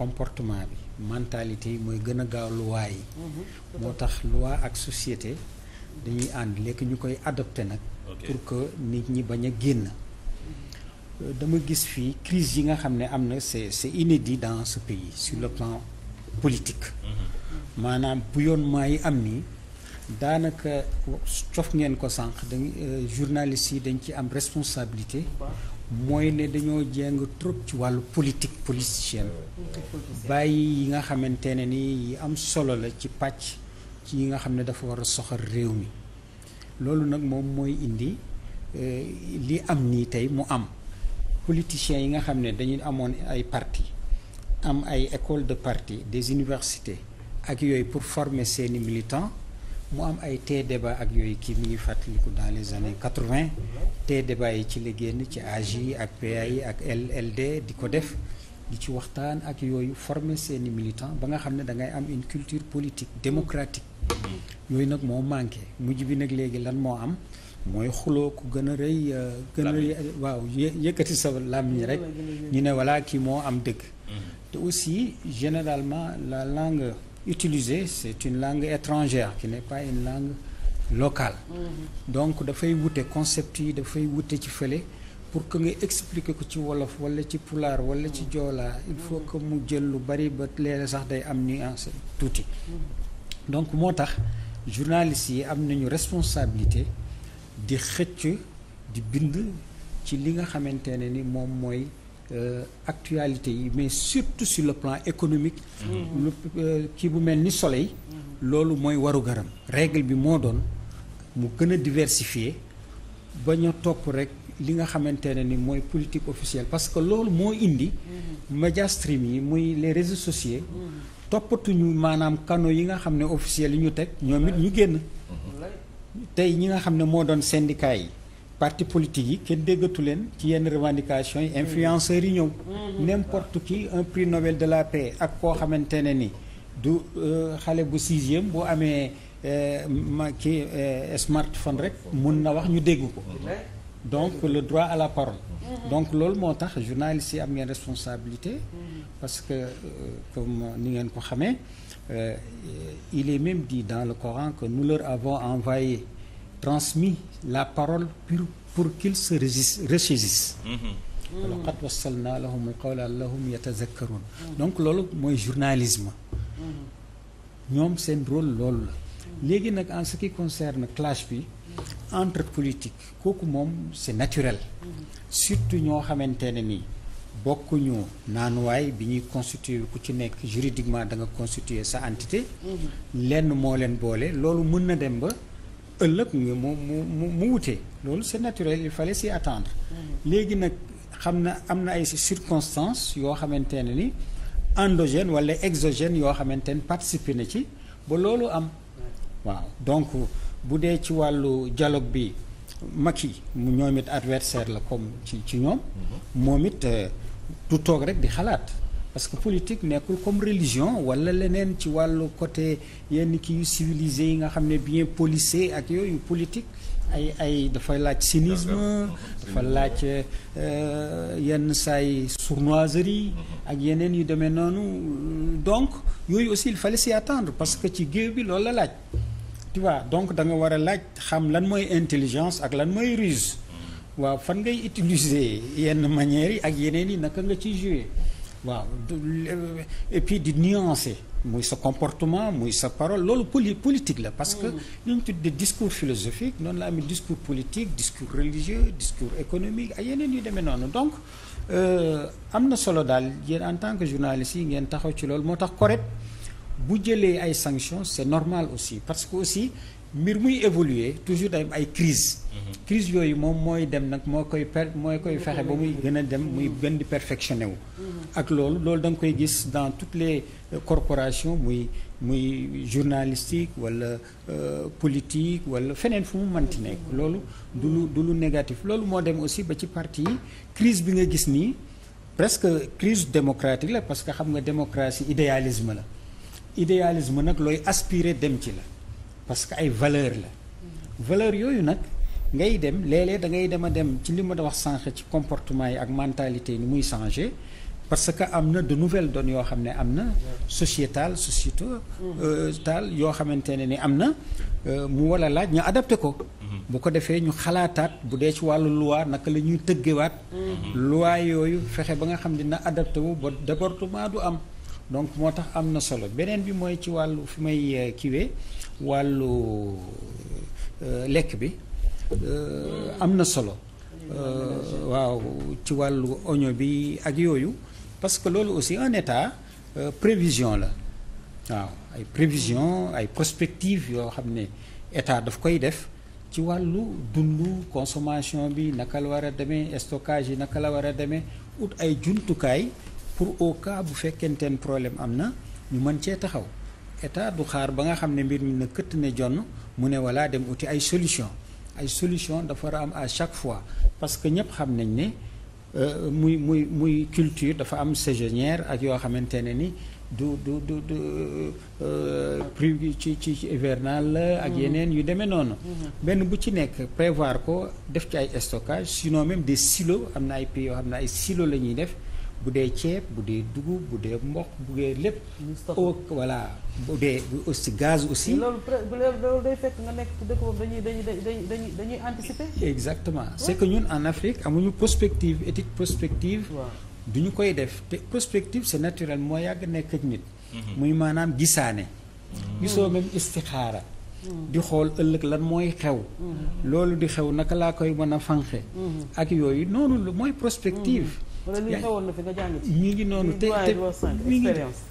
comportement bi mentalité yi mooy gën a gaaw loi yi mhm. moo tax loi ak société dañuy ànd lekk ñu koy adopté nag pour que nit ñi bañ a génn euh, dama gis fii crise yi nga xam ne am na c'est c'est inédit dans ce pays sur le plan politique mhm. maanaam bouillonnement yi am nii daanaka cof ngeen ko sànq dañ euh, journalistes yi dañ ci am responsabilité mooy ne dañoo jéng trop ci wàllu politique politicienne bàyyi yi nga xamante ne ni yi am solo la ci pàcc ci yi nga xam ne dafa war a soxal réew mi loolu nag moom mooy indi euh, li am nii tey mu am politiciens yi nga xam ne dañu amoon ay parti am ay école de parti des universités ak yooyu pour former seeni militants mu am ay tee débat ak yooyu kii mi ngi fàttaliku dans les années quatre vingt tee débat yi ci la génn ci AJ yi ak PA yi ak LLD di ko def di ci waxtaan ak yooyu forme seeni militant ba nga xam ne da ngay am une culture politique démocratique yooyu nag moo manqué mujj bi nag léegi lan moo am mooy xuloo ku gën a rëy euh, gën a rëy waaw yëkkati sa làmmiñ rek ñu ne voilà kii moo am dëkk mm-hmm. te aussi généralement la langue utiliser c'est une langue étrangère ki n'est pas une langue locale mm-hmm. donc dafay wute concept yi dafay wute ci fële pour que nga expliquer ko ci wolof wala ci poular wala ci mm-hmm. joolaa il faut que mu jël lu bari ba léeg sax day am nuance tuuti mm-hmm. donc moo tax journalistes yi am nañu responsabilité di xëcc di bind ci li nga xamante ne ni moom mooy Euh, actualité yi mais surtout sur le plan économique mm-hmm. lu euh, kii bu mel ni soleil mm-hmm. loolu mooy waru garam règle bi moo doon mu gën a diversifier ba ñu topp rek li nga xamante ne ni mooy politique officielle parce que loolu moo indi média mm-hmm. yi muy les réseaux sociaux toppatuñu maanaam canaux yi nga xam ne officiels yi ñu teg ñoom it ñu génn tey ñi nga xam ne moo doon syndicat yi parti politique yi kenn déggatu leen ci yenn revendications yi influenceurs yi ñëw mm-hmm. n'importe qui un prix Nobel de la paix ak koo xamante ne ni du euh, xale bu sixième boo amee euh, ma ki euh, smartphone rek mun na wax ñu dégg ko donc le droit à la parole mm-hmm. donc loolu moo tax journaliste yi am ngeen responsabilité mm-hmm. parce que comme ni ngeen ko xamee il est même dit dans le Coran que nous leur avons envoyé transmis la parole pour pour qu'ils se ressaisissent mm-hmm. walaqad wassalna lahum alqawla allahum yatazakkarun donc loolu mooy journalisme mm-hmm. ñoom seen rôle loolu la léegi nag en ce qui concerne clash bi entre politique kooku moom c'est naturel mm-hmm. surtout ñoo xamante ne nii bokkuñu naanuwaay bi ñuy constituer ku ci nekk juridiquement da nga constituer sa entité lenn moo leen boole loolu mën na dem ba ëllëg mu mu mu wutee loolu c'est naturel il fallait si attendre mm-hmm. léegi nag xam na am na ay circonstances yoo xamante ne ni endogène wala exogène yoo xamante ne participer na ci ba loolu am waaw donc bu dee ci wàllu dialogue bi Macky mu ñoom it adversaire la comme ci ci ñoom mm-hmm. moom it euh, du toog rek di xalaat parce que politique nekkul comme religion wala leneen ci wàllu côté yenn kii yu civilisé yi nga xam ne bien policé ak yooyu politique ay ay dafa laaj cynisme ah, dafa laaj euh, yenn saay sournoiserie ak yeneen yu demee noonu donc yooyu aussi il fallait s'y attendre parce que ci géew bi loolu la laaj tu vois donc da nga war a laaj xam lan mooy intelligence ak lan mooy ruse hmm. waaw fan ngay utiliser yenn manières yi ak yeneen yi naka nga ciy jouer waaw et puis di nuancer muy sa comportement muy sa parole loolu poli politique la parce que li mm. ñu tuddee discours philosophique noonu la amee discours politique discours religieux discours économique ay yeneen yu demee noonu donc euh, am na solo daal yéen en tant que journaliste yi ngeen taxaw ci loolu moo tax correct bu jëlee ay sanctions c'est normal aussi parce que aussi mbir muy évoluer toujours day am ay crise mhm. crise yooyu moom mooy dem nag moo koy per mooy koy fexe ba muy gën a dem muy gën di perfectionné wu mhm. ak loolu loolu da nga koy gis dans toutes les euh, corporations muy muy journalistique wala euh, politique wala feneen fu mu manti nekk loolu du lu du lu négatif loolu moo dem aussi ba ci parti yi crise bi nga gis nii presque crise démocratique la parce que xam nga démocratie idéalisme la idéalisme nag looy aspirer dem ci la parce que ay valeur la valeur yooyu nag ngay dem léeg-léeg da ngay dem a dem ci li ma da wax sànq ci comportement yi ak mentalité yi ni muy changer parce que am na de nouvelle données yoo xam ne am na sociétal sociétal euh, yoo xamante ne ni am na euh, mu war laaj ñu adapté ko bu ko defee ñu xalaataat bu dee ci wàllu loi naka la ñuy tëggewaat mm-hmm. loi yooyu fexe ba nga xam dina adapté wu ba débordement du am donc moo tax am na solo beneen bi mooy ci wàllu fi may euh, kiwee wàllu euh, lekk bi euh, am na solo waaw ci wàllu oignon bi ak yooyu parce que loolu aussi en état prévision la waaw ay prévision ay prospective yoo xam ne état daf koy def ci wàllu dundu consommation bi naka la war a demee stockage yi naka la war a demee ut ay jumtukaay pour au cas bu fekkenteen problème am na ñu man cee taxaw état du xaar ba nga xam ne mbir mi na këtt ne jonn mu ne walla dem uti ay solution ay solution dafa war am à chaque fois parce que ñëpp xam nañ ne euh, muy muy muy culture dafa am saisonnière ak yoo xamante ne ni du du du du euh, prix ci ci ci hivernal la. ak mm-hmm. yeneen yu demee noonu. Mm-hmm. benn bu ci nekk prévoir ko def ci ay stockage sinon même des silos am na ay prix yoo xam ne ay silos la ñuy def. bu dee ceeb bu dee dugub bu dee mboq bu dee lépp. voilà bu dee aussi gaz aussi. loolu loolu day fekk nga nekk dëkk boobu dañuy dañuy dañuy anticiper. exactement c'est que ñun en Afrique amuñu prospective éthique prospective. du ñu koy def te prospective c'est naturel moo yàgg nekk ak nit. Mhm. muy maanaam gisaane. Mhm. gisoo même istixaara. Mhm. di xool ëllëg lan mooy xew loolu di xew naka laa koy mën a fanqe ak yooyu noonu mooy prospective wala lii xewoon na fi nga jàng ci. mi ngi noonu te te mi ngi